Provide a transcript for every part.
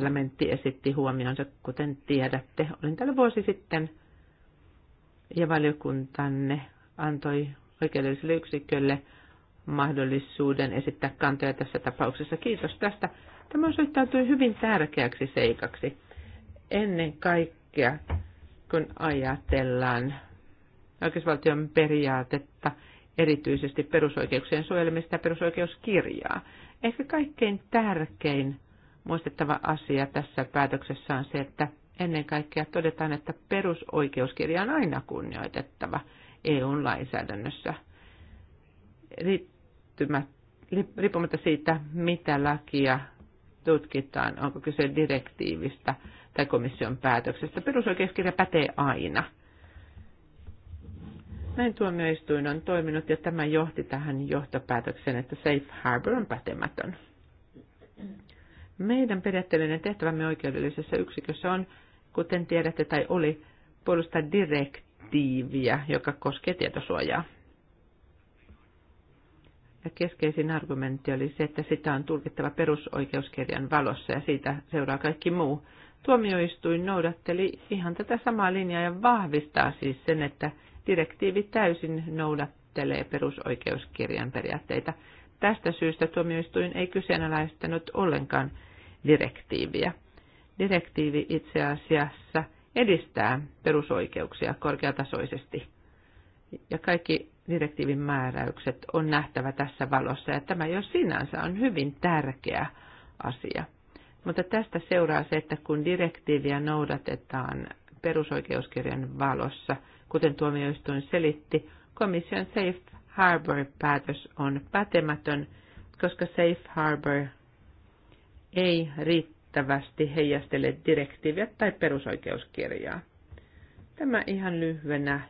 parlamentti esitti huomionsa, kuten tiedätte. Olin täällä vuosi sitten ja valiokuntanne antoi oikeudelliselle yksikölle mahdollisuuden esittää kantoja tässä tapauksessa. Kiitos tästä. Tämä osoittautui hyvin tärkeäksi seikaksi. Ennen kaikkea, kun ajatellaan oikeusvaltion periaatetta, erityisesti perusoikeuksien suojelemista ja perusoikeuskirjaa. Ehkä kaikkein tärkein muistettava asia tässä päätöksessä on se, että ennen kaikkea todetaan, että perusoikeuskirja on aina kunnioitettava eu lainsäädännössä, riippumatta siitä, mitä lakia tutkitaan, onko kyse direktiivistä tai komission päätöksestä. Perusoikeuskirja pätee aina. Näin tuomioistuin on toiminut ja tämä johti tähän johtopäätökseen, että safe harbor on pätemätön. Meidän periaatteellinen tehtävämme oikeudellisessa yksikössä on, kuten tiedätte tai oli, puolustaa direktiiviä, joka koskee tietosuojaa. Ja keskeisin argumentti oli se, että sitä on tulkittava perusoikeuskirjan valossa ja siitä seuraa kaikki muu. Tuomioistuin noudatteli ihan tätä samaa linjaa ja vahvistaa siis sen, että direktiivi täysin noudattelee perusoikeuskirjan periaatteita. Tästä syystä tuomioistuin ei kyseenalaistanut ollenkaan direktiiviä. Direktiivi itse asiassa edistää perusoikeuksia korkeatasoisesti. Ja kaikki direktiivin määräykset on nähtävä tässä valossa, ja tämä jo sinänsä on hyvin tärkeä asia. Mutta tästä seuraa se, että kun direktiiviä noudatetaan perusoikeuskirjan valossa, kuten tuomioistuin selitti, komission Safe Harbor-päätös on pätemätön, koska Safe Harbor ei riittävästi heijastele direktiiviä tai perusoikeuskirjaa. Tämä ihan lyhyenä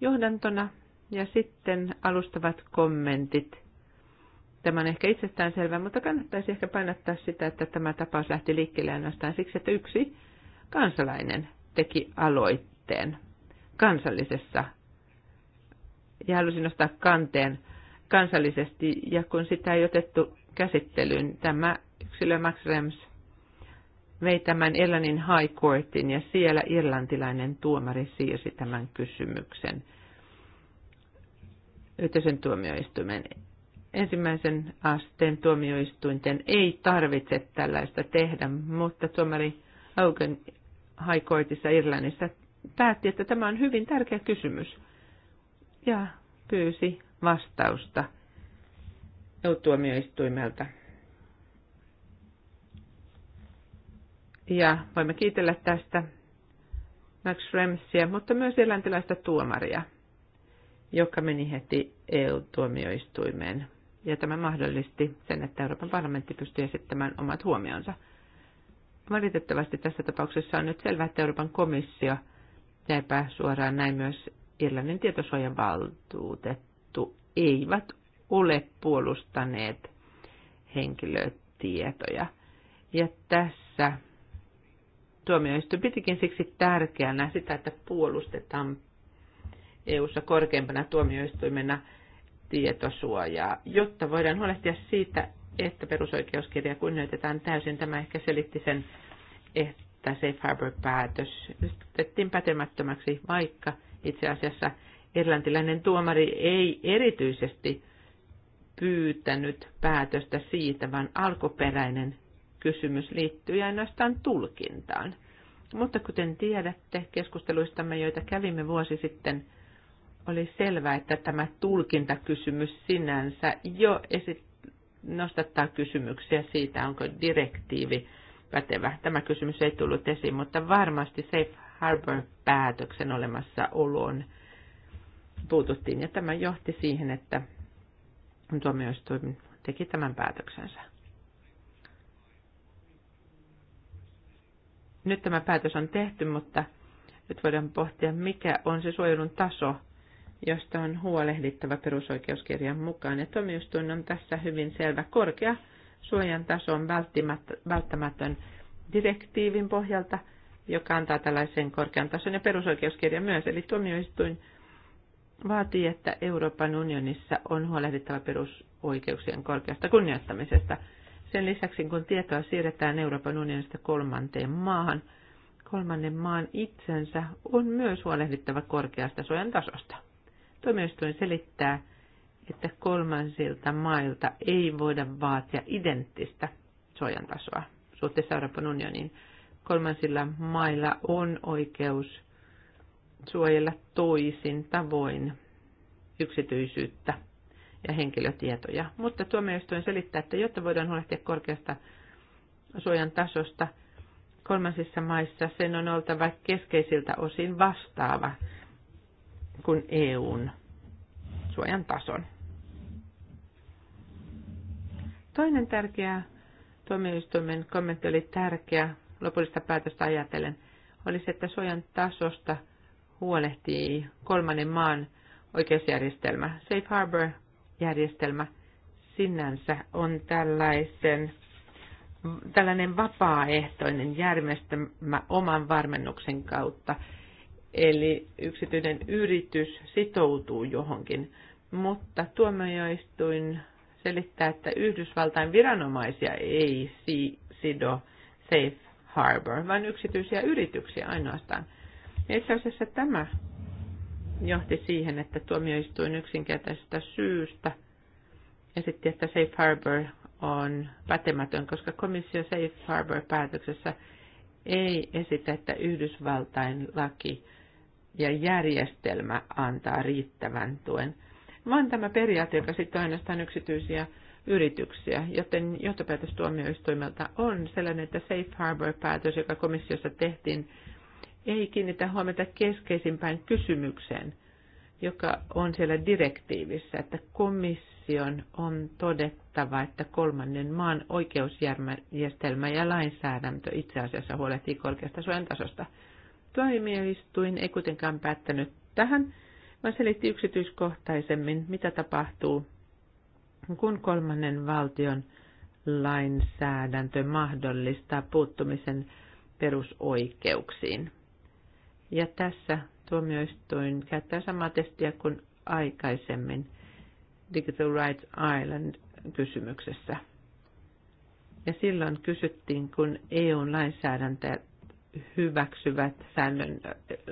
johdantona ja sitten alustavat kommentit. Tämä on ehkä itsestäänselvää, mutta kannattaisi ehkä painottaa sitä, että tämä tapaus lähti liikkeelle ainoastaan siksi, että yksi kansalainen teki aloitteen kansallisessa ja halusin nostaa kanteen kansallisesti, ja kun sitä ei otettu käsittelyyn, tämä yksilö Max Rems vei tämän Irlannin High Courtin ja siellä irlantilainen tuomari siirsi tämän kysymyksen yhteisen tuomioistuimen. Ensimmäisen asteen tuomioistuinten ei tarvitse tällaista tehdä, mutta tuomari Auken High Courtissa Irlannissa päätti, että tämä on hyvin tärkeä kysymys ja pyysi vastausta tuomioistuimelta ja voimme kiitellä tästä Max Remsiä, mutta myös eläntiläistä tuomaria, joka meni heti EU-tuomioistuimeen. Ja tämä mahdollisti sen, että Euroopan parlamentti pystyi esittämään omat huomionsa. Valitettavasti tässä tapauksessa on nyt selvää, että Euroopan komissio ja suoraan näin myös Irlannin tietosuojan valtuutettu eivät ole puolustaneet henkilötietoja. Ja tässä tuomioistuin pitikin siksi tärkeänä sitä, että puolustetaan EU-ssa korkeimpana tuomioistuimena tietosuojaa, jotta voidaan huolehtia siitä, että perusoikeuskirja kunnioitetaan täysin. Tämä ehkä selitti sen, että Safe Harbor-päätös yhdistettiin pätemättömäksi, vaikka itse asiassa irlantilainen tuomari ei erityisesti pyytänyt päätöstä siitä, vaan alkuperäinen kysymys liittyy ainoastaan tulkintaan. Mutta kuten tiedätte keskusteluistamme, joita kävimme vuosi sitten, oli selvää, että tämä tulkintakysymys sinänsä jo esit- nostattaa kysymyksiä siitä, onko direktiivi pätevä. Tämä kysymys ei tullut esiin, mutta varmasti Safe Harbor-päätöksen olemassaoloon puututtiin. Ja tämä johti siihen, että tuomioistuin teki tämän päätöksensä. Nyt tämä päätös on tehty, mutta nyt voidaan pohtia, mikä on se suojelun taso, josta on huolehdittava perusoikeuskirjan mukaan. Ja tuomioistuin on tässä hyvin selvä. Korkea suojan taso on välttämätön direktiivin pohjalta, joka antaa tällaisen korkean tason ja perusoikeuskirja myös. Eli tuomioistuin vaatii, että Euroopan unionissa on huolehdittava perusoikeuksien korkeasta kunnioittamisesta. Sen lisäksi, kun tietoa siirretään Euroopan unionista kolmanteen maahan, kolmannen maan itsensä on myös huolehdittava korkeasta suojan tasosta. Tuomioistuin selittää, että kolmansilta mailta ei voida vaatia identtistä suojan tasoa suhteessa Euroopan unioniin. Kolmansilla mailla on oikeus suojella toisin tavoin yksityisyyttä ja henkilötietoja. Mutta tuomioistuin selittää, että jotta voidaan huolehtia korkeasta suojan tasosta kolmansissa maissa, sen on oltava keskeisiltä osin vastaava kuin EUn suojan tason. Toinen tärkeä tuomioistuimen kommentti oli tärkeä lopullista päätöstä ajatellen, oli se, että suojan tasosta huolehtii kolmannen maan oikeusjärjestelmä. Safe Harbor järjestelmä sinänsä on tällaisen, tällainen vapaaehtoinen järjestelmä oman varmennuksen kautta. Eli yksityinen yritys sitoutuu johonkin, mutta tuomioistuin selittää, että Yhdysvaltain viranomaisia ei sido Safe Harbor, vaan yksityisiä yrityksiä ainoastaan. Itse asiassa tämä johti siihen, että tuomioistuin yksinkertaisesta syystä esitti, että Safe Harbor on pätemätön, koska komissio Safe Harbor-päätöksessä ei esitä, että Yhdysvaltain laki ja järjestelmä antaa riittävän tuen, vaan tämä periaate, joka sitten ainoastaan yksityisiä yrityksiä, joten johtopäätös tuomioistuimelta on sellainen, että Safe Harbor-päätös, joka komissiossa tehtiin, ei kiinnitä huomiota keskeisimpään kysymykseen, joka on siellä direktiivissä, että komission on todettava, että kolmannen maan oikeusjärjestelmä ja lainsäädäntö itse asiassa huolehtii korkeasta suojan tasosta. Tuomioistuin ei kuitenkaan päättänyt tähän, vaan selitti yksityiskohtaisemmin, mitä tapahtuu, kun kolmannen valtion lainsäädäntö mahdollistaa puuttumisen perusoikeuksiin ja tässä tuomioistuin käyttää samaa testiä kuin aikaisemmin Digital Rights Island kysymyksessä. Ja silloin kysyttiin, kun EUn lainsäädäntö hyväksyvät säännön,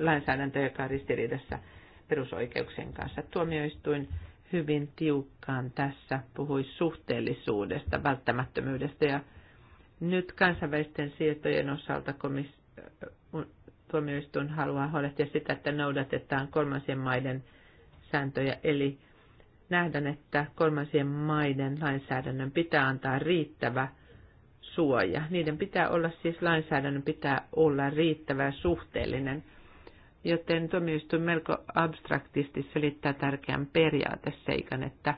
lainsäädäntö, joka on ristiriidassa perusoikeuksien kanssa. Tuomioistuin hyvin tiukkaan tässä puhui suhteellisuudesta, välttämättömyydestä ja nyt kansainvälisten sietojen osalta komis- tuomioistuin haluaa huolehtia sitä, että noudatetaan kolmansien maiden sääntöjä, eli nähdään, että kolmansien maiden lainsäädännön pitää antaa riittävä suoja. Niiden pitää olla siis lainsäädännön pitää olla riittävä suhteellinen, joten tuomioistuin melko abstraktisti selittää tärkeän periaateseikan, että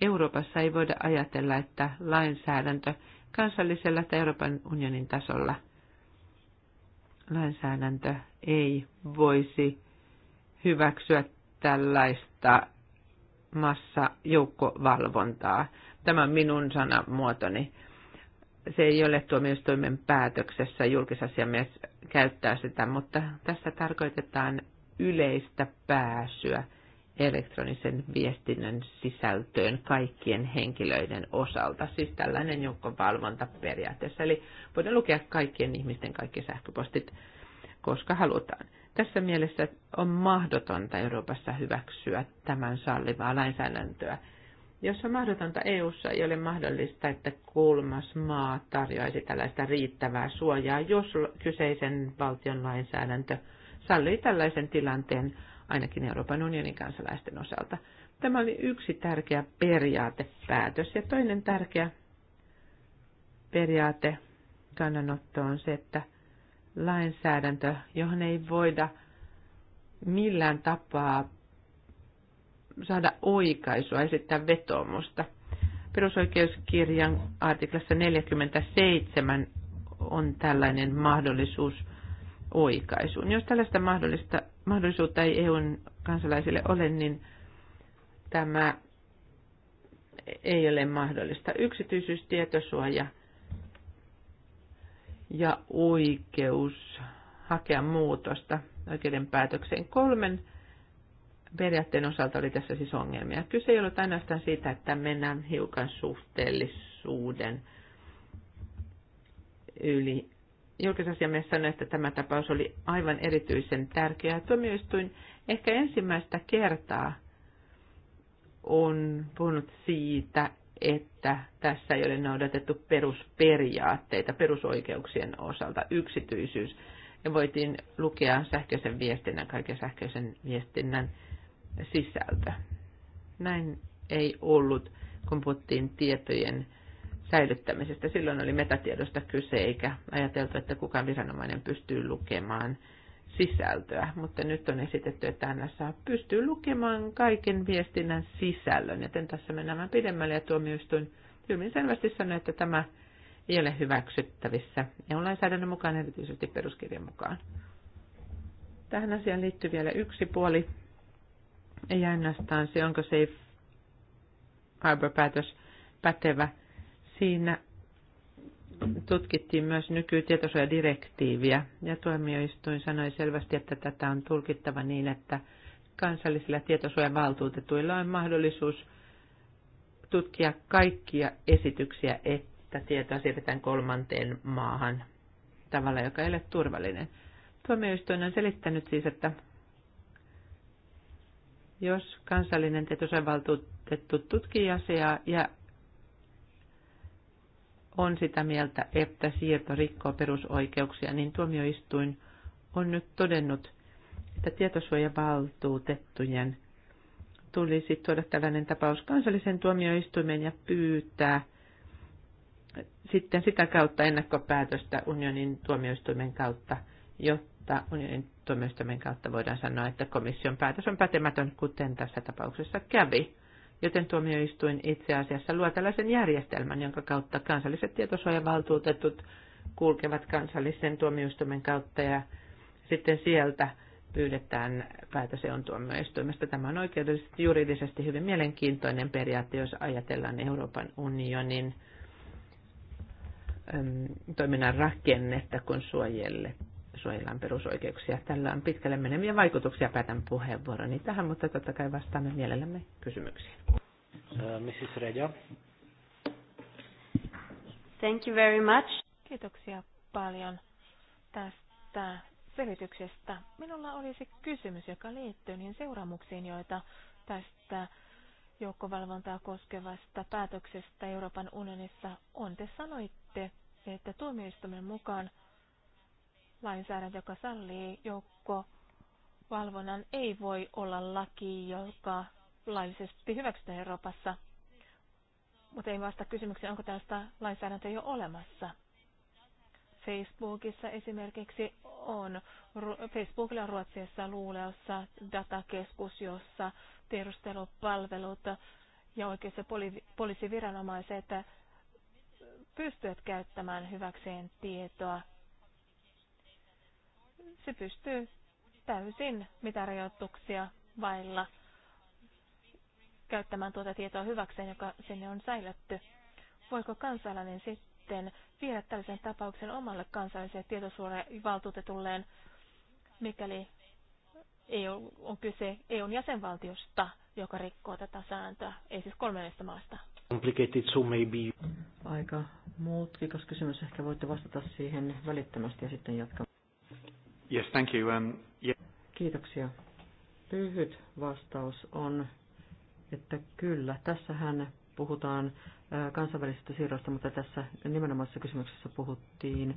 Euroopassa ei voida ajatella, että lainsäädäntö kansallisella tai Euroopan unionin tasolla – lainsäädäntö ei voisi hyväksyä tällaista massajoukkovalvontaa. Tämä on minun sanamuotoni. Se ei ole tuomioistuimen päätöksessä, julkisasiamies käyttää sitä, mutta tässä tarkoitetaan yleistä pääsyä – elektronisen viestinnän sisältöön kaikkien henkilöiden osalta. Siis tällainen joukkovalvonta periaatteessa. Eli voidaan lukea kaikkien ihmisten kaikki sähköpostit, koska halutaan. Tässä mielessä on mahdotonta Euroopassa hyväksyä tämän sallivaa lainsäädäntöä, jos on mahdotonta EU:ssa ei ole mahdollista, että kolmas maa tarjoaisi tällaista riittävää suojaa, jos kyseisen valtion lainsäädäntö sallii tällaisen tilanteen ainakin Euroopan unionin kansalaisten osalta. Tämä oli yksi tärkeä periaatepäätös. Ja toinen tärkeä periaate kannanotto on se, että lainsäädäntö, johon ei voida millään tapaa saada oikaisua, esittää vetoomusta. Perusoikeuskirjan artiklassa 47 on tällainen mahdollisuus oikaisuun. Jos tällaista mahdollista mahdollisuutta ei EUn kansalaisille ole, niin tämä ei ole mahdollista. Yksityisyys, tietosuoja ja oikeus hakea muutosta oikeudenpäätökseen. Kolmen periaatteen osalta oli tässä siis ongelmia. Kyse ei ollut ainoastaan siitä, että mennään hiukan suhteellisuuden yli julkisasiamies sanoi, että tämä tapaus oli aivan erityisen tärkeä. Tuomioistuin ehkä ensimmäistä kertaa on puhunut siitä, että tässä ei ole noudatettu perusperiaatteita perusoikeuksien osalta, yksityisyys. Ja voitiin lukea sähköisen viestinnän, kaiken sähköisen viestinnän sisältö. Näin ei ollut, kun puhuttiin tietojen säilyttämisestä. Silloin oli metatiedosta kyse, eikä ajateltu, että kukaan viranomainen pystyy lukemaan sisältöä, mutta nyt on esitetty, että NSA pystyy lukemaan kaiken viestinnän sisällön, joten tässä mennään pidemmälle ja tuomioistuin hyvin selvästi sanoi, että tämä ei ole hyväksyttävissä EU-lainsäädännön mukaan, erityisesti peruskirjan mukaan. Tähän asiaan liittyy vielä yksi puoli, ei ainoastaan se, onko Safe Harbor-päätös pätevä Siinä tutkittiin myös nykytietosuojadirektiiviä ja tuomioistuin sanoi selvästi, että tätä on tulkittava niin, että kansallisilla tietosuojavaltuutetuilla on mahdollisuus tutkia kaikkia esityksiä, että tietoa siirretään kolmanteen maahan tavalla, joka ei ole turvallinen. Tuomioistuin on selittänyt siis, että jos kansallinen tietosuojavaltuutettu tutkii asiaa ja on sitä mieltä, että siirto rikkoo perusoikeuksia, niin tuomioistuin on nyt todennut, että tietosuojavaltuutettujen tulisi tuoda tällainen tapaus kansallisen tuomioistuimen ja pyytää sitten sitä kautta ennakkopäätöstä unionin tuomioistuimen kautta, jotta unionin tuomioistuimen kautta voidaan sanoa, että komission päätös on pätemätön, kuten tässä tapauksessa kävi joten tuomioistuin itse asiassa luo tällaisen järjestelmän, jonka kautta kansalliset tietosuojavaltuutetut kulkevat kansallisen tuomioistuimen kautta ja sitten sieltä pyydetään päätöseon tuomioistuimesta. Tämä on oikeudellisesti juridisesti hyvin mielenkiintoinen periaate, jos ajatellaan Euroopan unionin toiminnan rakennetta, kun suojelle suojellaan perusoikeuksia. Tällä on pitkälle meneviä vaikutuksia, päätän puheenvuoroni tähän, mutta totta kai vastaamme mielellämme kysymyksiin. Äh, Mrs. Reja. Thank you very much. Kiitoksia paljon tästä selityksestä. Minulla olisi kysymys, joka liittyy niin seuraamuksiin, joita tästä joukkovalvontaa koskevasta päätöksestä Euroopan unionissa on. Te sanoitte, että tuomioistuimen mukaan lainsäädäntö, joka sallii joukko valvonnan, ei voi olla laki, joka laillisesti hyväksytään Euroopassa. Mutta ei vasta kysymykseen, onko tällaista lainsäädäntöä jo olemassa. Facebookissa esimerkiksi on, Facebookilla on Ruotsissa Luuleossa datakeskus, jossa tiedustelupalvelut ja oikeassa poli- poliisiviranomaiset pystyvät käyttämään hyväkseen tietoa se pystyy täysin mitä rajoituksia vailla käyttämään tuota tietoa hyväkseen, joka sinne on säilytty. Voiko kansalainen sitten viedä tällaisen tapauksen omalle kansalliselle valtuutetulleen, mikäli EU on kyse EUn jäsenvaltiosta, joka rikkoo tätä sääntöä, ei siis kolmannesta maasta? Complicated, so maybe. Aika muutkikas kysymys. Ehkä voitte vastata siihen välittömästi ja sitten jatkaa. Yes, thank you. Um, yeah. Kiitoksia. Lyhyt vastaus on, että kyllä, tässähän puhutaan kansainvälisistä siirroista, mutta tässä nimenomaisessa kysymyksessä puhuttiin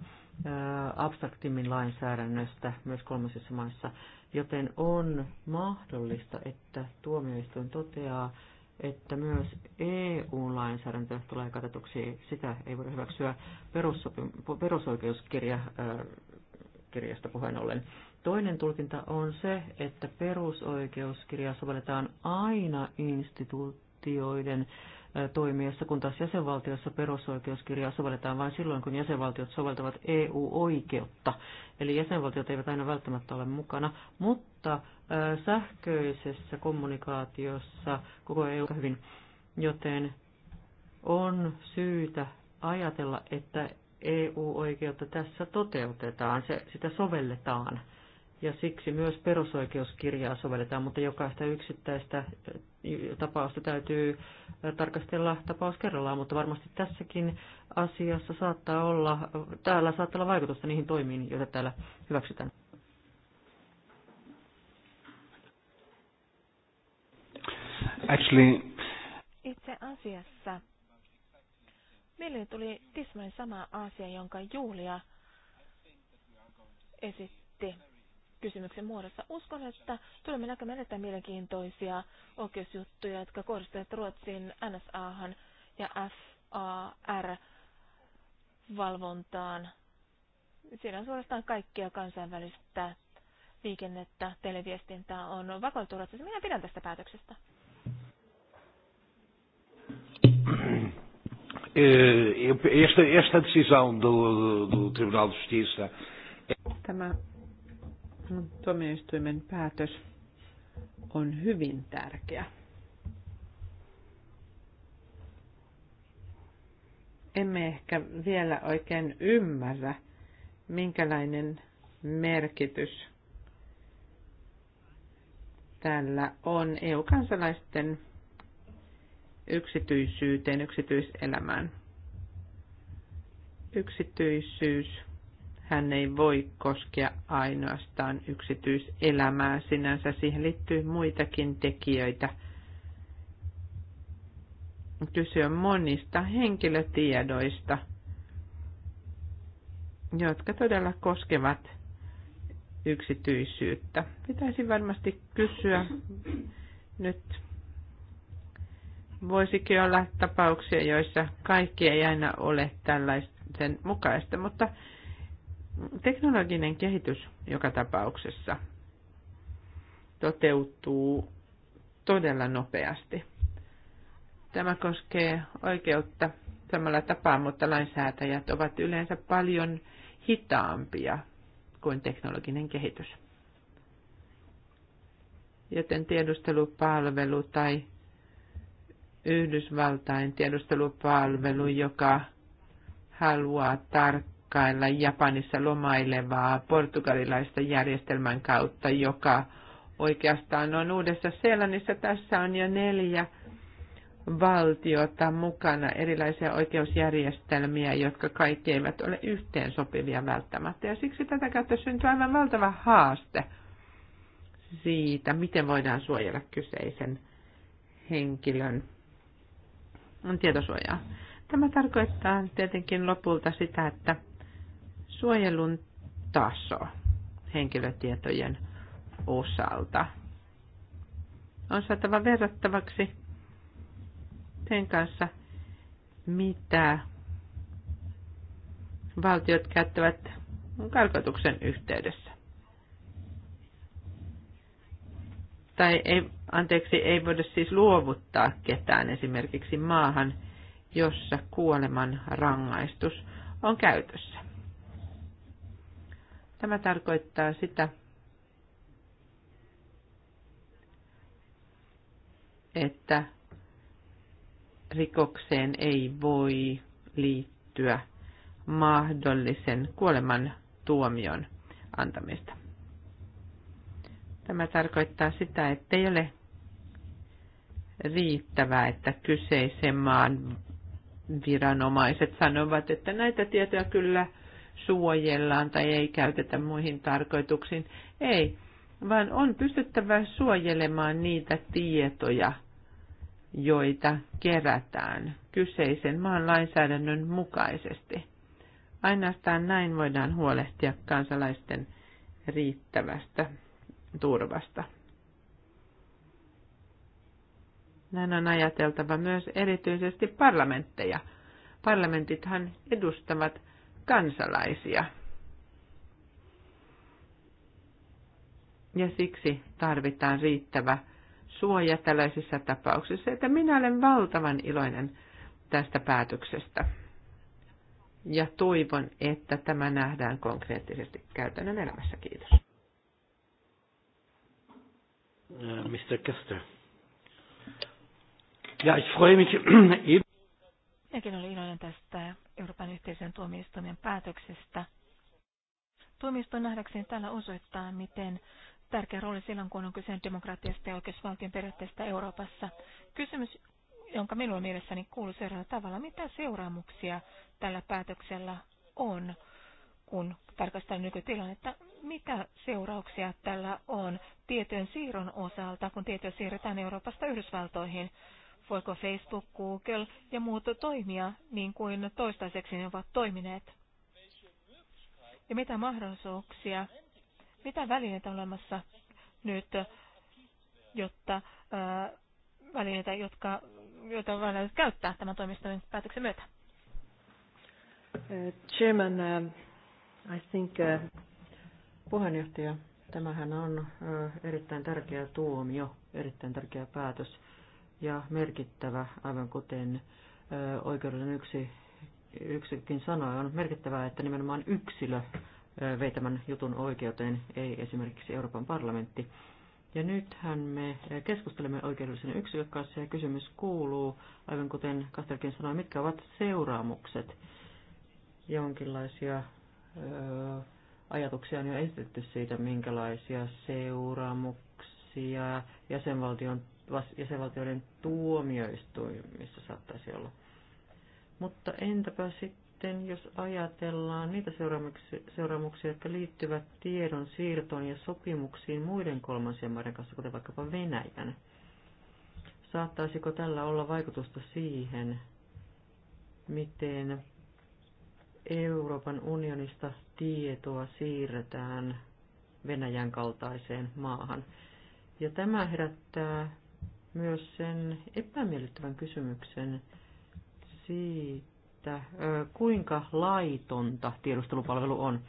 abstraktimmin lainsäädännöstä myös kolmansissa maissa, joten on mahdollista, että tuomioistuin toteaa, että myös EU-lainsäädäntö tulee katetuksi. Sitä ei voida hyväksyä perusoikeuskirja kirjasta puheen ollen. Toinen tulkinta on se, että perusoikeuskirjaa sovelletaan aina instituutioiden toimijassa, kun taas jäsenvaltiossa perusoikeuskirjaa sovelletaan vain silloin, kun jäsenvaltiot soveltavat EU-oikeutta. Eli jäsenvaltiot eivät aina välttämättä ole mukana, mutta sähköisessä kommunikaatiossa koko EU hyvin, joten on syytä ajatella, että EU-oikeutta tässä toteutetaan, se, sitä sovelletaan. Ja siksi myös perusoikeuskirjaa sovelletaan, mutta jokaista yksittäistä tapausta täytyy tarkastella tapaus kerrallaan, mutta varmasti tässäkin asiassa saattaa olla, täällä saattaa olla vaikutusta niihin toimiin, joita täällä hyväksytään. Actually, itse asiassa Meille tuli tismalleen sama asia, jonka Julia esitti kysymyksen muodossa. Uskon, että tulemme näkemään erittäin mielenkiintoisia oikeusjuttuja, jotka kohdistuvat Ruotsin NSA ja FAR-valvontaan. Siinä on suorastaan kaikkia kansainvälistä liikennettä, televiestintää on vakoiltu Ruotsissa. Minä pidän tästä päätöksestä. Eh, esta, esta decisão do, do Tribunal de Justiça. Tämä tuomioistuimen päätös on hyvin tärkeä. Emme ehkä vielä oikein ymmärrä, minkälainen merkitys tällä on EU-kansalaisten yksityisyyteen, yksityiselämään. Yksityisyys, hän ei voi koskea ainoastaan yksityiselämää sinänsä, siihen liittyy muitakin tekijöitä. Kyse on monista henkilötiedoista, jotka todella koskevat yksityisyyttä. Pitäisi varmasti kysyä nyt voisikin olla tapauksia, joissa kaikki ei aina ole tällaisen mukaista, mutta teknologinen kehitys joka tapauksessa toteutuu todella nopeasti. Tämä koskee oikeutta samalla tapaa, mutta lainsäätäjät ovat yleensä paljon hitaampia kuin teknologinen kehitys. Joten tiedustelupalvelu tai Yhdysvaltain tiedustelupalvelu, joka haluaa tarkkailla Japanissa lomailevaa portugalilaista järjestelmän kautta, joka oikeastaan on uudessa Seelannissa. Tässä on jo neljä valtiota mukana, erilaisia oikeusjärjestelmiä, jotka kaikki eivät ole yhteen sopivia välttämättä. Ja siksi tätä kautta syntyy aivan valtava haaste siitä, miten voidaan suojella kyseisen henkilön tietosuojaa. Tämä tarkoittaa tietenkin lopulta sitä, että suojelun taso henkilötietojen osalta on saatava verrattavaksi sen kanssa, mitä valtiot käyttävät karkotuksen yhteydessä. Tai ei Anteeksi, ei voida siis luovuttaa ketään esimerkiksi maahan, jossa kuoleman rangaistus on käytössä. Tämä tarkoittaa sitä, että rikokseen ei voi liittyä mahdollisen kuoleman tuomion antamista. Tämä tarkoittaa sitä, ettei ole riittävä, että kyseisen maan viranomaiset sanovat, että näitä tietoja kyllä suojellaan tai ei käytetä muihin tarkoituksiin. Ei, vaan on pystyttävä suojelemaan niitä tietoja, joita kerätään kyseisen maan lainsäädännön mukaisesti. Ainoastaan näin voidaan huolehtia kansalaisten riittävästä turvasta. Näin on ajateltava myös erityisesti parlamentteja. Parlamentithan edustavat kansalaisia. Ja siksi tarvitaan riittävä suoja tällaisissa tapauksissa, että minä olen valtavan iloinen tästä päätöksestä. Ja toivon, että tämä nähdään konkreettisesti käytännön elämässä. Kiitos. Äh, Mr. Kester. Ja, ich freue mich eben. Minäkin olin iloinen tästä Euroopan yhteisön tuomioistuimen päätöksestä. Tuomioistuin nähdäkseni täällä osoittaa, miten tärkeä rooli silloin, kun on kyse demokratiasta ja oikeusvaltion periaatteesta Euroopassa. Kysymys, jonka minulla mielessäni kuuluu seuraavalla tavalla, mitä seuraamuksia tällä päätöksellä on, kun tarkastellaan nykytilannetta, mitä seurauksia tällä on tietojen siirron osalta, kun tietoja siirretään Euroopasta Yhdysvaltoihin voiko Facebook, Google ja muut toimia niin kuin toistaiseksi ne ovat toimineet. Ja mitä mahdollisuuksia, mitä välineitä on olemassa nyt, jotta ää, välineitä, jotka, joita voidaan käyttää tämän toimiston päätöksen myötä? Uh, chairman, uh, I think, uh... puheenjohtaja, tämähän on uh, erittäin tärkeä tuomio, erittäin tärkeä päätös ja merkittävä, aivan kuten oikeuden yksi, yksikin sanoi, on merkittävää, että nimenomaan yksilö vei tämän jutun oikeuteen, ei esimerkiksi Euroopan parlamentti. Ja nythän me keskustelemme oikeudellisen yksilön kanssa ja kysymys kuuluu, aivan kuten Kastelkin sanoi, mitkä ovat seuraamukset. jonkinlaisia ö, ajatuksia on jo esitetty siitä, minkälaisia seuraamuksia jäsenvaltion jäsenvaltioiden tuomioistuimissa saattaisi olla. Mutta entäpä sitten, jos ajatellaan niitä seuraamuksia, seuraamuksia, jotka liittyvät tiedon siirtoon ja sopimuksiin muiden kolmansien maiden kanssa, kuten vaikkapa Venäjän, saattaisiko tällä olla vaikutusta siihen, miten Euroopan unionista tietoa siirretään Venäjän kaltaiseen maahan. Ja tämä herättää myös sen epämiellyttävän kysymyksen siitä, kuinka laitonta tiedustelupalvelu on.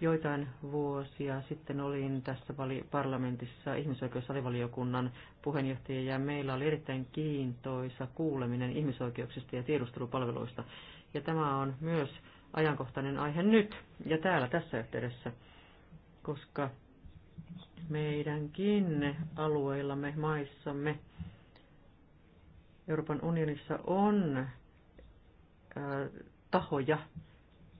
Joitain vuosia sitten olin tässä parlamentissa ihmisoikeusalivaliokunnan puheenjohtaja ja meillä oli erittäin kiintoisa kuuleminen ihmisoikeuksista ja tiedustelupalveluista. Ja tämä on myös ajankohtainen aihe nyt ja täällä tässä yhteydessä, koska meidänkin alueillamme, maissamme. Euroopan unionissa on tahoja,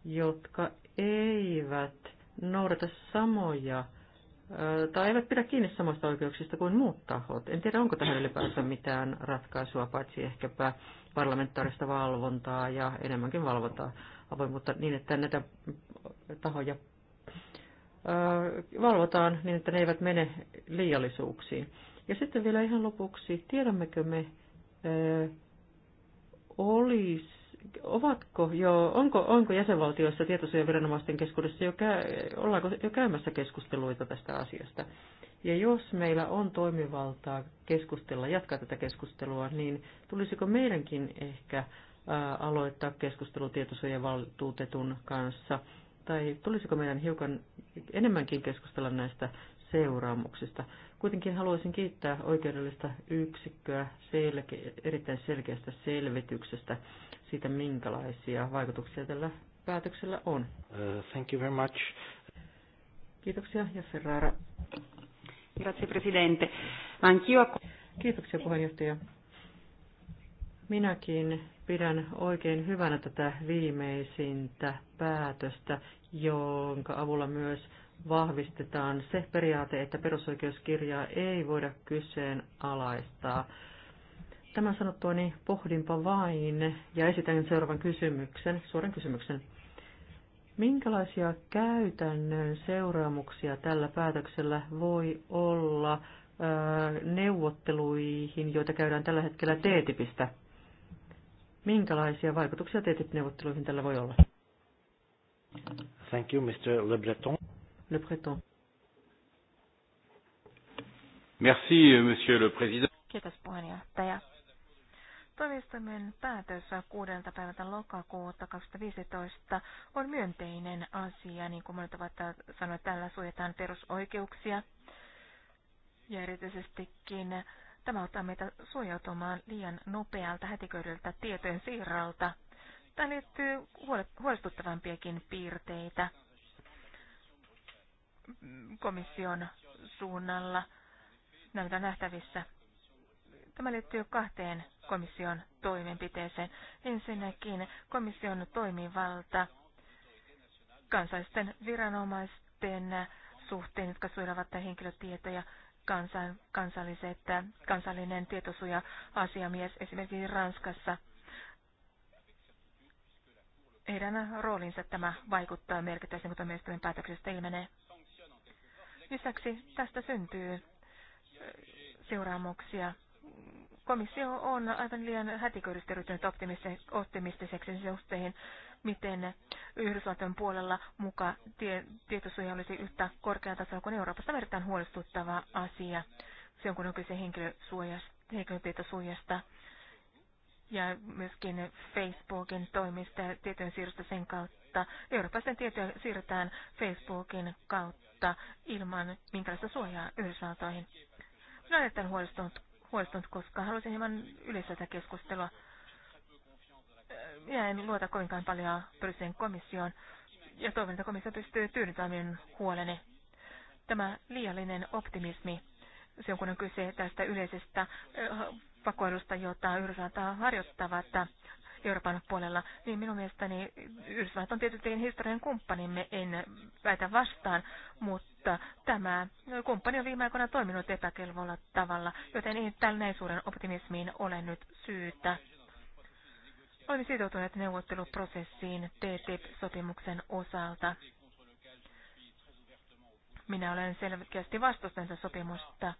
jotka eivät noudata samoja tai eivät pidä kiinni samoista oikeuksista kuin muut tahot. En tiedä, onko tähän ylipäänsä mitään ratkaisua, paitsi ehkäpä parlamentaarista valvontaa ja enemmänkin valvontaa avoimuutta niin, että näitä tahoja valvotaan niin, että ne eivät mene liiallisuuksiin. Ja sitten vielä ihan lopuksi, tiedämmekö me, olis, ovatko jo, onko, onko jäsenvaltioissa tietosuojaviranomaisten keskuudessa jo, kä, ollaanko jo käymässä keskusteluita tästä asiasta? Ja jos meillä on toimivaltaa keskustella, jatkaa tätä keskustelua, niin tulisiko meidänkin ehkä aloittaa keskustelu tietosuojavaltuutetun kanssa – tai tulisiko meidän hiukan enemmänkin keskustella näistä seuraamuksista. Kuitenkin haluaisin kiittää oikeudellista yksikköä selke- erittäin selkeästä selvityksestä siitä, minkälaisia vaikutuksia tällä päätöksellä on. Uh, thank you very much. Kiitoksia ja Ferrara. Grazie Presidente. Kiitoksia puheenjohtaja. Minäkin Pidän oikein hyvänä tätä viimeisintä päätöstä, jonka avulla myös vahvistetaan se periaate, että perusoikeuskirjaa ei voida kyseenalaistaa. Tämän sanottuani pohdinpa vain ja esitän seuraavan kysymyksen, suoran kysymyksen. Minkälaisia käytännön seuraamuksia tällä päätöksellä voi olla neuvotteluihin, joita käydään tällä hetkellä TTIPistä? Minkälaisia vaikutuksia TTIP-neuvotteluihin tällä voi olla? Thank you, Mr. Le Breton. Le Breton. Merci, Monsieur le Président. Kiitos puheenjohtaja. Todistaminen päätös 6. päivältä lokakuuta 2015 on myönteinen asia, niin kuin monet ovat sanoneet, tällä suojataan perusoikeuksia ja erityisestikin Tämä ottaa meitä suojautumaan liian nopealta hätiköidyltä tietojen siirralta. Tämä liittyy huolestuttavampiakin piirteitä komission suunnalla. Näitä nähtävissä. Tämä liittyy kahteen komission toimenpiteeseen. Ensinnäkin komission toimivalta kansallisten viranomaisten suhteen, jotka suojelevat henkilötietoja kansan, kansalliset, kansallinen tietosuoja-asiamies esimerkiksi Ranskassa. Heidän roolinsa tämä vaikuttaa merkittävästi, mutta mielestäni päätöksestä ilmenee. Lisäksi tästä syntyy seuraamuksia. Komissio on aivan liian hätiköidysti ryhtynyt optimistiseksi suhteihin miten Yhdysvaltojen puolella muka tie, tietosuoja olisi yhtä korkealla tasolla kuin Euroopassa. Tämä erittäin huolestuttava asia. Se on kun on kyse henkilötietosuojasta ja myöskin Facebookin toimista ja tietojen siirrosta sen kautta. Euroopassa tietoja siirretään Facebookin kautta ilman minkälaista suojaa Yhdysvaltoihin. Minä olen erittäin huolestunut, huolestunut koska haluaisin hieman yleisötä keskustelua minä en luota kovinkaan paljon Brysselin komissioon ja toivon, että komissio pystyy tyydyttämään minun huoleni. Tämä liiallinen optimismi, on kun on kyse tästä yleisestä pakoilusta, jota Yhdysvallat harjoittavat Euroopan puolella, niin minun mielestäni Yhdysvallat on tietysti historian kumppanimme, en väitä vastaan, mutta tämä kumppani on viime aikoina toiminut epäkelvolla tavalla, joten ei tällä näin suuren optimismiin ole nyt syytä olemme sitoutuneet neuvotteluprosessiin TTIP-sopimuksen osalta. Minä olen selkeästi vastustanut sopimusta.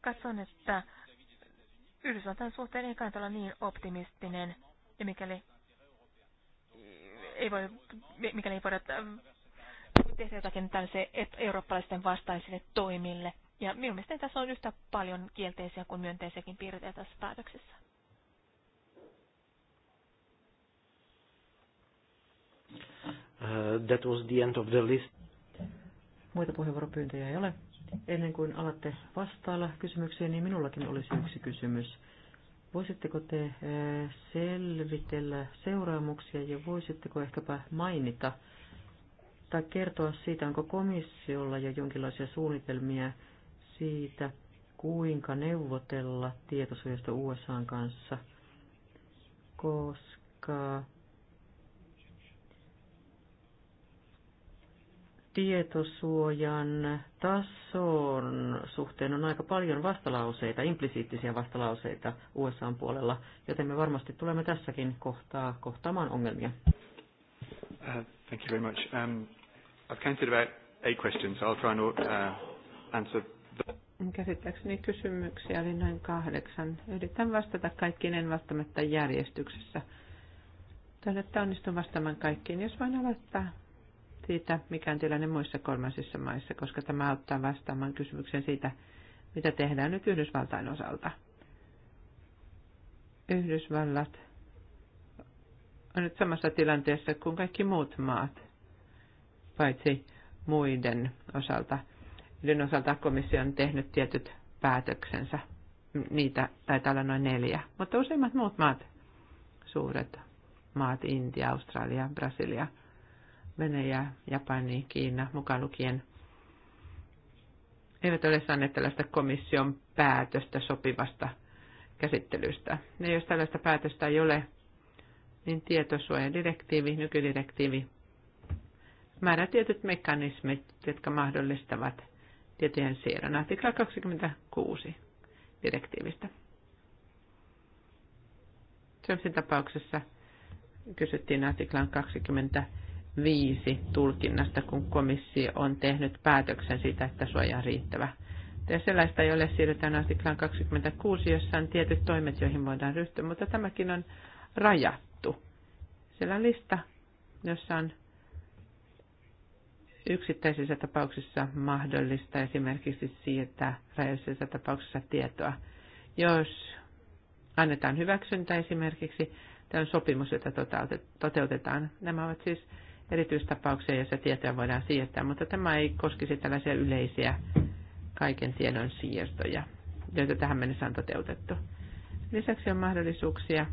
Katson, että Yhdysvaltain suhteen ei kannata olla niin optimistinen, ja mikäli ei, voi, mikäli ei voida äh, tehdä jotakin tällaisia eurooppalaisten vastaisille toimille. Ja minun mielestäni tässä on yhtä paljon kielteisiä kuin myönteisiäkin piirteitä tässä päätöksessä. Uh, that was the end of the list. Muita puheenvuoropyyntöjä ei ole. Ennen kuin alatte vastailla kysymyksiin, niin minullakin olisi yksi kysymys. Voisitteko te uh, selvitellä seuraamuksia ja voisitteko ehkäpä mainita tai kertoa siitä, onko komissiolla jo jonkinlaisia suunnitelmia siitä, kuinka neuvotella tietosuojasta USA kanssa, koska tietosuojan tason suhteen on aika paljon vastalauseita, implisiittisiä vastalauseita USAn puolella, joten me varmasti tulemme tässäkin kohtaa kohtaamaan ongelmia. Uh, thank you very much. Um, I've counted about eight questions. I'll try and uh, answer the... Käsittääkseni kysymyksiä oli noin kahdeksan. Yritän vastata kaikkiin, en vastaamatta järjestyksessä. Tällä onnistun vastaamaan kaikkiin, jos vain aloittaa siitä, mikä on tilanne muissa kolmansissa maissa, koska tämä auttaa vastaamaan kysymykseen siitä, mitä tehdään nyt Yhdysvaltain osalta. Yhdysvallat on nyt samassa tilanteessa kuin kaikki muut maat, paitsi muiden osalta. Yhden osalta komissio on tehnyt tietyt päätöksensä. Niitä taitaa olla noin neljä. Mutta useimmat muut maat, suuret maat, Intia, Australia, Brasilia – Venäjä, Japani, Kiina mukaan lukien eivät ole saaneet tällaista komission päätöstä sopivasta käsittelystä. Ja jos tällaista päätöstä ei ole, niin tietosuojadirektiivi, nykydirektiivi, määrää tietyt mekanismit, jotka mahdollistavat tietojen siirron. Artikla 26 direktiivistä. Sömsin tapauksessa kysyttiin artiklan 20 viisi tulkinnasta, kun komissio on tehnyt päätöksen siitä, että suoja on riittävä. Ja sellaista ei ole, siirrytään artiklaan 26, jossa on tietyt toimet, joihin voidaan ryhtyä, mutta tämäkin on rajattu. Siellä on lista, jossa on yksittäisissä tapauksissa mahdollista esimerkiksi siirtää rajallisissa tapauksissa tietoa. Jos annetaan hyväksyntä esimerkiksi, tämä on sopimus, jota toteutetaan. Nämä ovat siis erityistapauksia, joissa tietoja voidaan siirtää, mutta tämä ei koskisi tällaisia yleisiä kaiken tiedon siirtoja, joita tähän mennessä on toteutettu. Lisäksi on mahdollisuuksia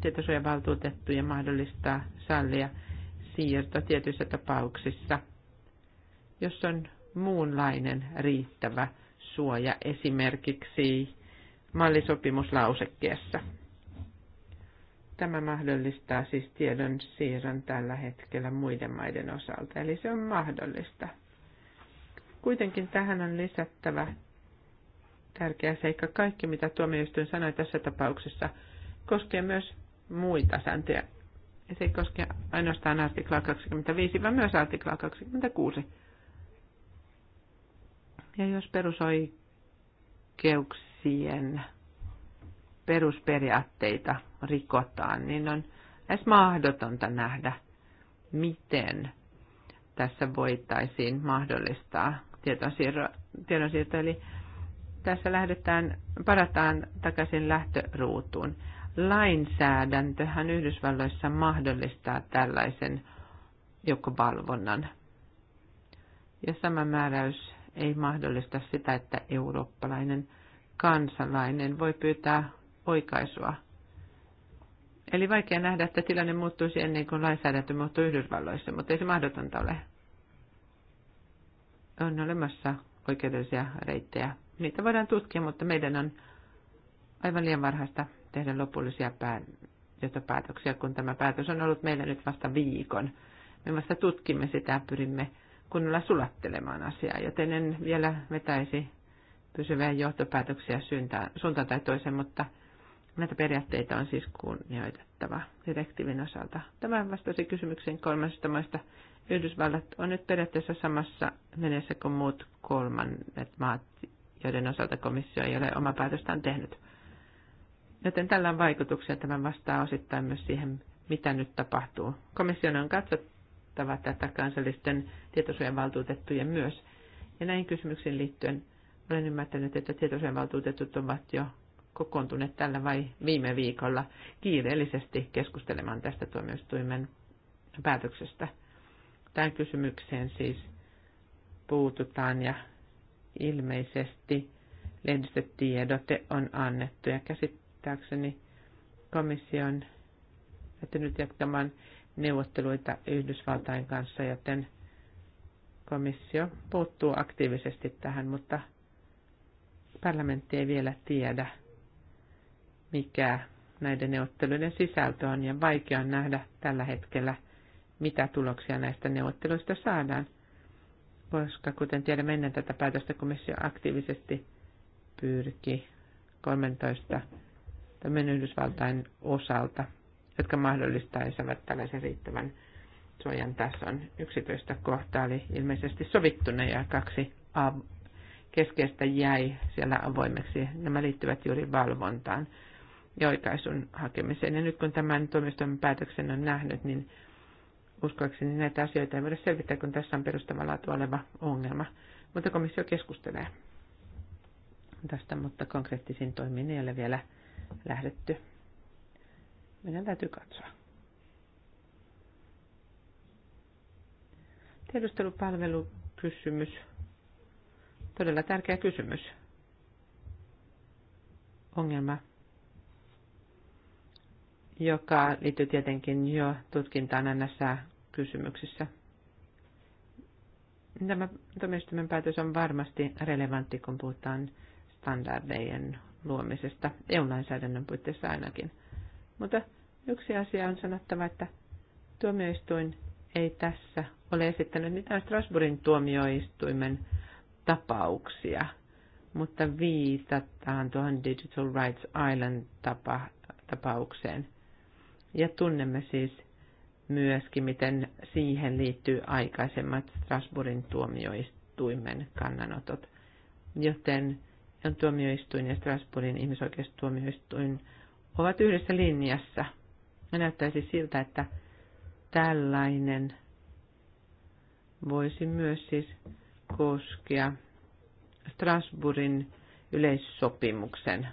tietosuojavaltuutettujen mahdollistaa sallia siirto tietyissä tapauksissa, jos on muunlainen riittävä suoja esimerkiksi mallisopimuslausekkeessa. Tämä mahdollistaa siis tiedon siirron tällä hetkellä muiden maiden osalta, eli se on mahdollista. Kuitenkin tähän on lisättävä tärkeä seikka. Kaikki, mitä tuomioistuin sanoi tässä tapauksessa, koskee myös muita sääntöjä. Ja se ei koske ainoastaan artiklaa 25, vaan myös artiklaa 26. Ja jos perusoikeuksien perusperiaatteita rikotaan, niin on edes mahdotonta nähdä, miten tässä voitaisiin mahdollistaa tiedonsiirto. tiedonsiirto. Eli tässä lähdetään, parataan takaisin lähtöruutuun. Lainsäädäntöhän Yhdysvalloissa mahdollistaa tällaisen joukkovalvonnan. Ja sama määräys ei mahdollista sitä, että eurooppalainen kansalainen voi pyytää oikaisua. Eli vaikea nähdä, että tilanne muuttuisi ennen kuin lainsäädäntö muuttuu Yhdysvalloissa, mutta ei se mahdotonta ole. On olemassa oikeudellisia reittejä. Niitä voidaan tutkia, mutta meidän on aivan liian varhaista tehdä lopullisia päätöksiä, kun tämä päätös on ollut meillä nyt vasta viikon. Me vasta tutkimme sitä ja pyrimme kunnolla sulattelemaan asiaa, joten en vielä vetäisi pysyviä johtopäätöksiä suuntaan tai toiseen, mutta – Näitä periaatteita on siis kunnioitettava direktiivin osalta. Tämä vastasi kysymykseen kolmansista maista. Yhdysvallat on nyt periaatteessa samassa menessä kuin muut kolmannet maat, joiden osalta komissio ei ole oma päätöstään tehnyt. Joten tällä on vaikutuksia. Tämä vastaa osittain myös siihen, mitä nyt tapahtuu. Komission on katsottava tätä kansallisten valtuutettujen myös. Ja näihin kysymyksiin liittyen olen ymmärtänyt, että tietosuojavaltuutetut ovat jo kokoontuneet tällä vai viime viikolla kiireellisesti keskustelemaan tästä tuomioistuimen päätöksestä. Tähän kysymykseen siis puututaan ja ilmeisesti lehdistötiedote on annettu ja käsittääkseni komission nyt jatkamaan neuvotteluita Yhdysvaltain kanssa, joten komissio puuttuu aktiivisesti tähän, mutta parlamentti ei vielä tiedä, mikä näiden neuvotteluiden sisältö on, ja vaikea nähdä tällä hetkellä, mitä tuloksia näistä neuvotteluista saadaan, koska kuten tiedämme ennen tätä päätöstä komissio aktiivisesti pyrki 13 tämän Yhdysvaltain osalta, jotka mahdollistaisivat tällaisen riittävän suojan tason. 11 kohtaa oli ilmeisesti sovittuna ja kaksi keskeistä jäi siellä avoimeksi. Nämä liittyvät juuri valvontaan ja oikaisun hakemiseen. Ja nyt kun tämän toimiston päätöksen on nähnyt, niin uskoakseni näitä asioita ei voida selvittää, kun tässä on perustavanlaatu oleva ongelma. Mutta komissio keskustelee tästä, mutta konkreettisiin toimiin ei ole vielä lähdetty. Meidän täytyy katsoa. Tiedustelupalvelukysymys. Todella tärkeä kysymys. Ongelma joka liittyy tietenkin jo tutkintaan näissä kysymyksissä. Tämä tuomioistuimen päätös on varmasti relevantti, kun puhutaan standardejen luomisesta, EU-lainsäädännön puitteissa ainakin. Mutta yksi asia on sanottava, että tuomioistuin ei tässä ole esittänyt mitään Strasbourgin tuomioistuimen tapauksia, mutta viitataan tuohon Digital Rights Island-tapaukseen. Ja tunnemme siis myöskin, miten siihen liittyy aikaisemmat Strasbourgin tuomioistuimen kannanotot. Joten on tuomioistuin ja Strasbourgin ihmisoikeustuomioistuin ovat yhdessä linjassa. Ja näyttäisi siltä, että tällainen voisi myös siis koskea Strasbourgin yleissopimuksen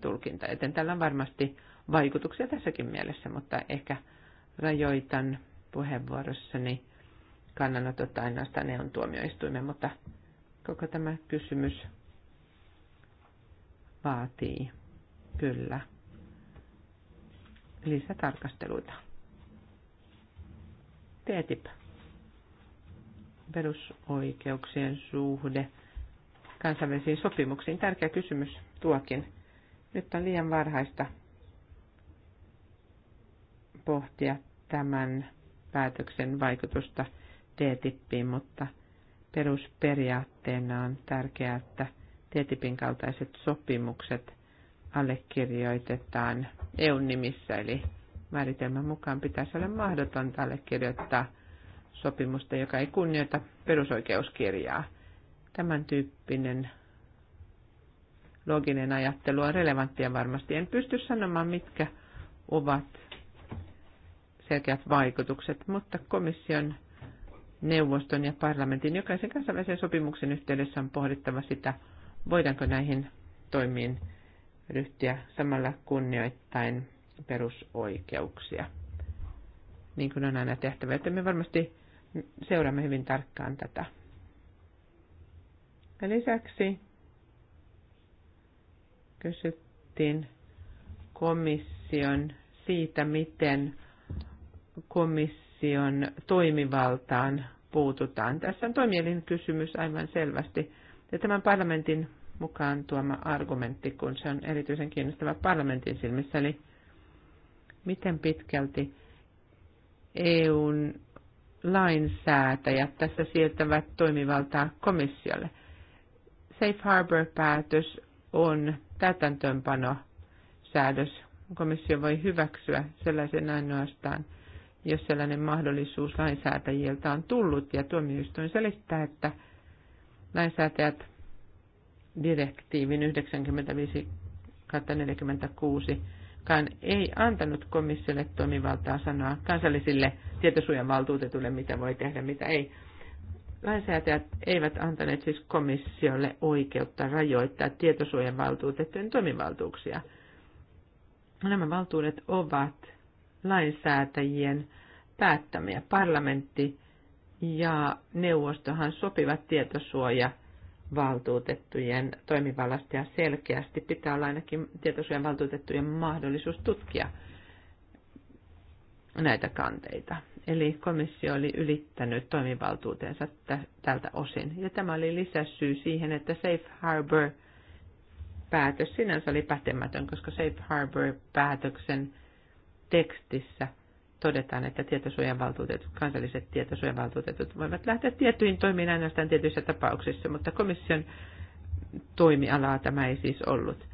tulkinta, joten tällä on varmasti vaikutuksia tässäkin mielessä, mutta ehkä rajoitan puheenvuorossani kannanotot ainoastaan EUn tuomioistuimen, mutta koko tämä kysymys vaatii kyllä lisätarkasteluita. TTIP, perusoikeuksien suhde kansainvälisiin sopimuksiin, tärkeä kysymys tuokin. Nyt on liian varhaista pohtia tämän päätöksen vaikutusta TTIPiin, mutta perusperiaatteena on tärkeää, että TTIPin kaltaiset sopimukset allekirjoitetaan EUn nimissä, eli määritelmän mukaan pitäisi olla mahdotonta allekirjoittaa sopimusta, joka ei kunnioita perusoikeuskirjaa. Tämän tyyppinen loginen ajattelu on relevanttia varmasti. En pysty sanomaan, mitkä ovat selkeät vaikutukset, mutta komission, neuvoston ja parlamentin jokaisen kansainvälisen sopimuksen yhteydessä on pohdittava sitä, voidaanko näihin toimiin ryhtyä samalla kunnioittain perusoikeuksia, niin kuin on aina tehtävä. Että me varmasti seuraamme hyvin tarkkaan tätä. Ja lisäksi kysyttiin komission siitä, miten komission toimivaltaan puututaan. Tässä on toimielin kysymys aivan selvästi. Ja tämän parlamentin mukaan tuoma argumentti, kun se on erityisen kiinnostava parlamentin silmissä, eli miten pitkälti EUn lainsäätäjät tässä siirtävät toimivaltaa komissiolle. Safe Harbor-päätös on täytäntöönpano säädös. Komissio voi hyväksyä sellaisen ainoastaan, jos sellainen mahdollisuus lainsäätäjiltä on tullut. Ja tuomioistuin selittää, että lainsäätäjät direktiivin 95 46 kan ei antanut komissiolle toimivaltaa sanoa kansallisille tietosuojan valtuutetulle, mitä voi tehdä, mitä ei. Lainsäätäjät eivät antaneet siis komissiolle oikeutta rajoittaa tietosuojan valtuutettujen toimivaltuuksia. Nämä valtuudet ovat lainsäätäjien päättämiä. Parlamentti ja neuvostohan sopivat tietosuoja valtuutettujen toimivallasta ja selkeästi pitää olla ainakin tietosuojan valtuutettujen mahdollisuus tutkia näitä kanteita. Eli komissio oli ylittänyt toimivaltuutensa tältä osin. Ja tämä oli lisäsyy siihen, että Safe Harbor päätös sinänsä oli pätemätön, koska Safe Harbor päätöksen tekstissä todetaan, että tietosuojavaltuutetut, kansalliset tietosuojavaltuutetut voivat lähteä tiettyihin toimiin ainoastaan tietyissä tapauksissa, mutta komission toimialaa tämä ei siis ollut.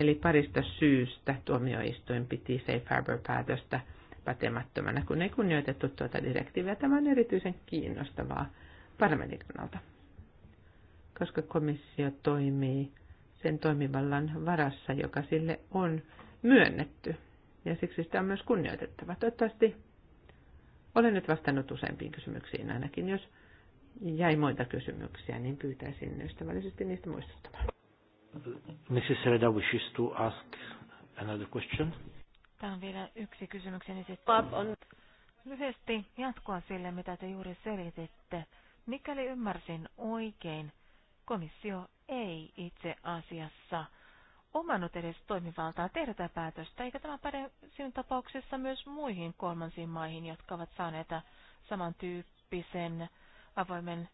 Eli parista syystä tuomioistuin piti Safe Harbor-päätöstä pätemättömänä, kun ei kunnioitettu tuota direktiiviä. Tämä on erityisen kiinnostavaa parlamentin kannalta, koska komissio toimii sen toimivallan varassa, joka sille on myönnetty ja siksi sitä on myös kunnioitettava. Toivottavasti olen nyt vastannut useampiin kysymyksiin ainakin. Jos jäi muita kysymyksiä, niin pyytäisin ystävällisesti niistä muistuttamaan. Mrs. wishes to ask another question. Tämä on vielä yksi kysymykseni sitten. Lyhyesti jatkoa sille, mitä te juuri selititte. Mikäli ymmärsin oikein, komissio ei itse asiassa omannut edes toimivaltaa tehdä tätä päätöstä, eikä tämä päde sinun tapauksessa myös muihin kolmansiin maihin, jotka ovat saaneet samantyyppisen avoimen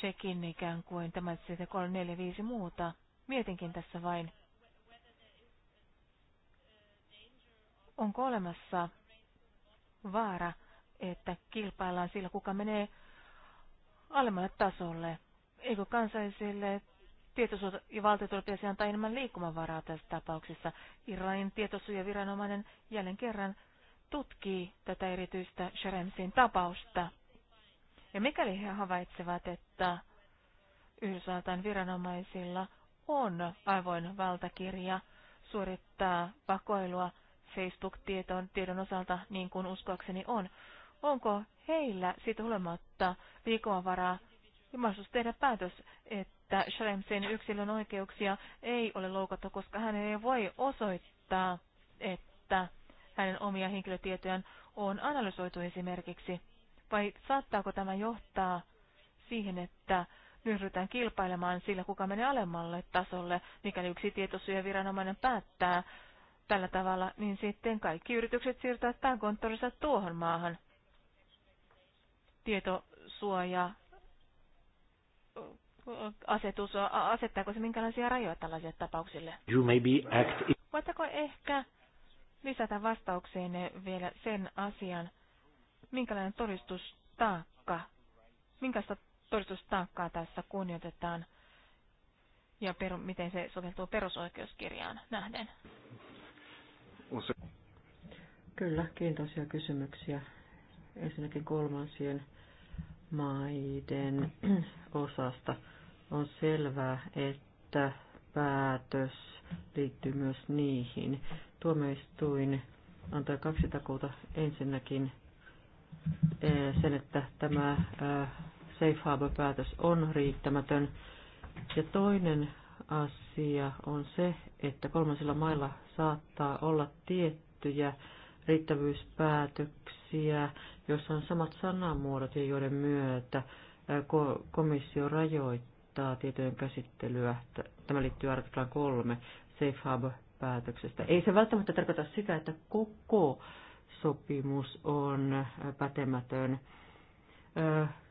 shekin ikään kuin tämä sitten 3, 4, muuta. Mietinkin tässä vain, onko olemassa vaara, että kilpaillaan sillä, kuka menee alemmalle tasolle, eikö kansallisille tietosuoja ja valtiotulle pitäisi antaa enemmän liikkumavaraa tässä tapauksessa. Irlannin tietosuojaviranomainen jälleen kerran tutkii tätä erityistä Sharemsin tapausta. Ja mikäli he havaitsevat, että Yhdysvaltain viranomaisilla on avoin valtakirja suorittaa vakoilua Facebook-tiedon tiedon osalta, niin kuin uskoakseni on, onko heillä siitä olematta liikkumavaraa ja mahdollisuus tehdä päätös, että että Shalemsen yksilön oikeuksia ei ole loukattu, koska hän ei voi osoittaa, että hänen omia henkilötietojaan on analysoitu esimerkiksi. Vai saattaako tämä johtaa siihen, että nyt ryhdytään kilpailemaan sillä, kuka menee alemmalle tasolle, mikäli yksi viranomainen päättää tällä tavalla, niin sitten kaikki yritykset siirtävät pääkonttorinsa tuohon maahan. Tietosuoja asetus, asettaako se minkälaisia rajoja tällaisille tapauksille? You may be act... Voitteko ehkä lisätä vastaukseenne vielä sen asian, minkälainen todistustaakka, minkälaista todistustaakkaa tässä kunnioitetaan ja peru, miten se soveltuu perusoikeuskirjaan nähden? Kyllä, kiintoisia kysymyksiä. Ensinnäkin kolmansien maiden osasta. On selvää, että päätös liittyy myös niihin. Tuomioistuin antoi kaksi takuuta ensinnäkin eh, sen, että tämä eh, Safe Harbor-päätös on riittämätön. Ja toinen asia on se, että kolmansilla mailla saattaa olla tiettyjä riittävyyspäätöksiä, jossa on samat sanamuodot ja joiden myötä komissio rajoittaa tietojen käsittelyä. Tämä liittyy artiklaan kolme Safe Hub-päätöksestä. Ei se välttämättä tarkoita sitä, että koko sopimus on pätemätön.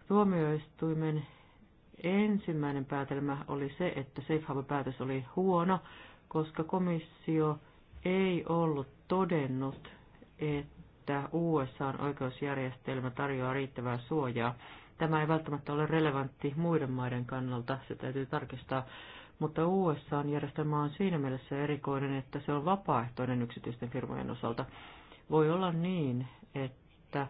Tuomioistuimen ensimmäinen päätelmä oli se, että Safe hub päätös oli huono, koska komissio ei ollut todennut, että että on oikeusjärjestelmä tarjoaa riittävää suojaa. Tämä ei välttämättä ole relevantti muiden maiden kannalta, se täytyy tarkistaa, mutta on järjestelmä on siinä mielessä erikoinen, että se on vapaaehtoinen yksityisten firmojen osalta. Voi olla niin, että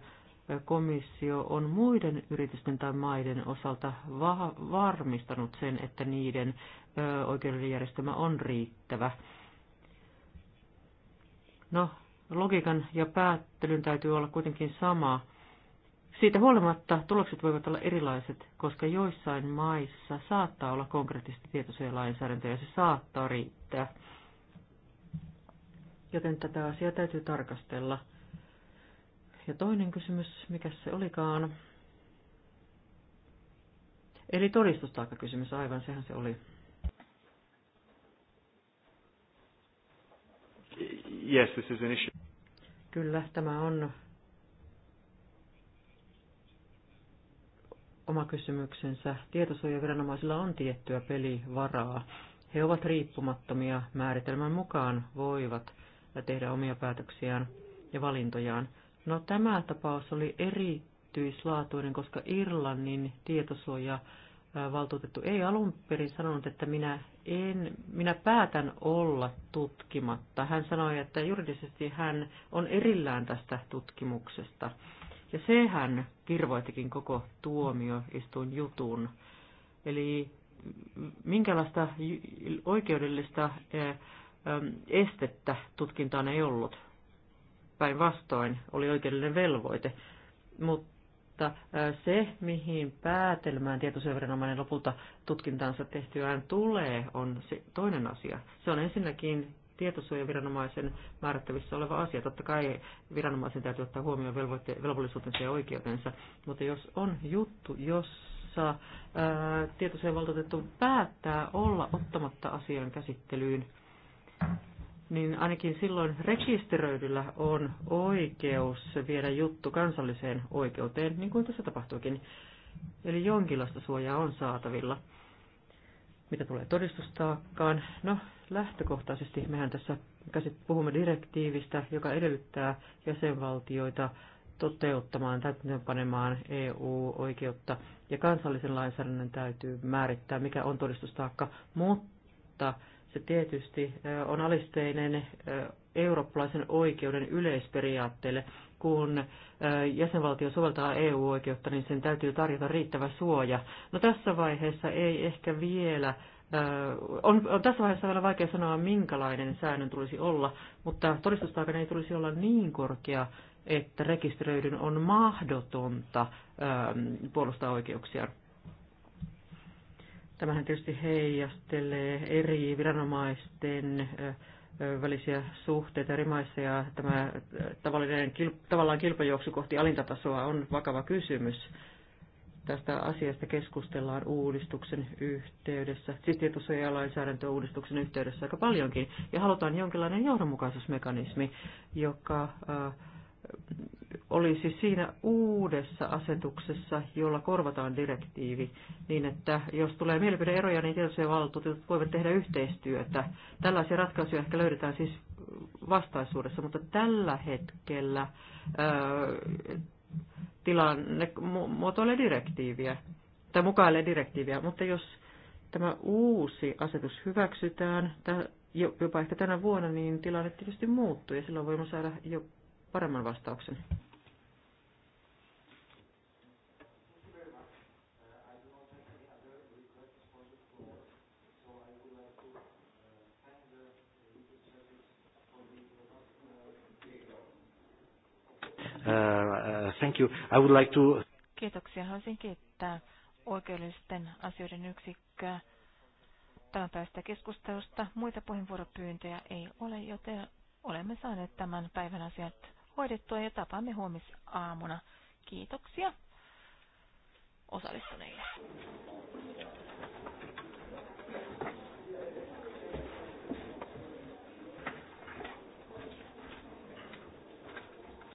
komissio on muiden yritysten tai maiden osalta va- varmistanut sen, että niiden ö, oikeudellinen järjestelmä on riittävä. No, logiikan ja päättelyn täytyy olla kuitenkin sama. Siitä huolimatta tulokset voivat olla erilaiset, koska joissain maissa saattaa olla konkreettisesti tietosuojalainsäädäntö ja se saattaa riittää. Joten tätä asiaa täytyy tarkastella. Ja toinen kysymys, mikä se olikaan? Eli todistustaakakysymys, aivan sehän se oli. Yes, this is an issue. Kyllä, tämä on oma kysymyksensä. Tietosuojaviranomaisilla on tiettyä pelivaraa. He ovat riippumattomia määritelmän mukaan, voivat tehdä omia päätöksiään ja valintojaan. No tämä tapaus oli erityislaatuinen, koska Irlannin tietosuoja valtuutettu ei alun perin sanonut, että minä, en, minä päätän olla tutkimatta. Hän sanoi, että juridisesti hän on erillään tästä tutkimuksesta. Ja sehän kirvoitikin koko tuomioistuin jutun. Eli minkälaista oikeudellista estettä tutkintaan ei ollut. Päinvastoin oli oikeudellinen velvoite. Mutta mutta se, mihin päätelmään tietosuojaviranomainen lopulta tutkintaansa tehtyään tulee, on se toinen asia. Se on ensinnäkin tietosuojaviranomaisen määrättävissä oleva asia. Totta kai viranomaisen täytyy ottaa huomioon velvollisuutensa ja oikeutensa, mutta jos on juttu, jossa ää, tietosuojavaltuutettu päättää olla ottamatta asian käsittelyyn, niin ainakin silloin rekisteröidyllä on oikeus viedä juttu kansalliseen oikeuteen, niin kuin tässä tapahtuikin. Eli jonkinlaista suojaa on saatavilla. Mitä tulee todistustaakkaan? No, lähtökohtaisesti mehän tässä puhumme direktiivistä, joka edellyttää jäsenvaltioita toteuttamaan, täytäntöönpanemaan EU-oikeutta, ja kansallisen lainsäädännön täytyy määrittää, mikä on todistustaakka, mutta se tietysti on alisteinen eurooppalaisen oikeuden yleisperiaatteelle. Kun jäsenvaltio soveltaa EU-oikeutta, niin sen täytyy tarjota riittävä suoja. No tässä vaiheessa ei ehkä vielä on, on tässä vaiheessa vielä vaikea sanoa, minkälainen säännön tulisi olla, mutta todistustaakana ei tulisi olla niin korkea, että rekisteröidyn on mahdotonta puolustaa oikeuksiaan. Tämähän tietysti heijastelee eri viranomaisten välisiä suhteita eri maissa ja tämä tavallinen, tavallaan kilpajuoksu kohti alintatasoa on vakava kysymys. Tästä asiasta keskustellaan uudistuksen yhteydessä, siis uudistuksen yhteydessä aika paljonkin. Ja halutaan jonkinlainen johdonmukaisuusmekanismi, joka olisi siinä uudessa asetuksessa, jolla korvataan direktiivi, niin että jos tulee mielipideeroja, niin valtuutetut voivat tehdä yhteistyötä. Tällaisia ratkaisuja ehkä löydetään siis vastaisuudessa, mutta tällä hetkellä ää, tilanne muotoilee direktiiviä, tai mukailee direktiiviä, mutta jos tämä uusi asetus hyväksytään, jopa ehkä tänä vuonna, niin tilanne tietysti muuttuu ja silloin voimme saada jo paremman vastauksen. Uh, uh, thank you. I would like to... Kiitoksia. Haluaisin kiittää oikeudellisten asioiden yksikköä tämän päästä keskustelusta. Muita puheenvuoropyyntöjä ei ole, joten olemme saaneet tämän päivän asiat hoidettua ja tapaamme huomisaamuna. Kiitoksia osallistuneille.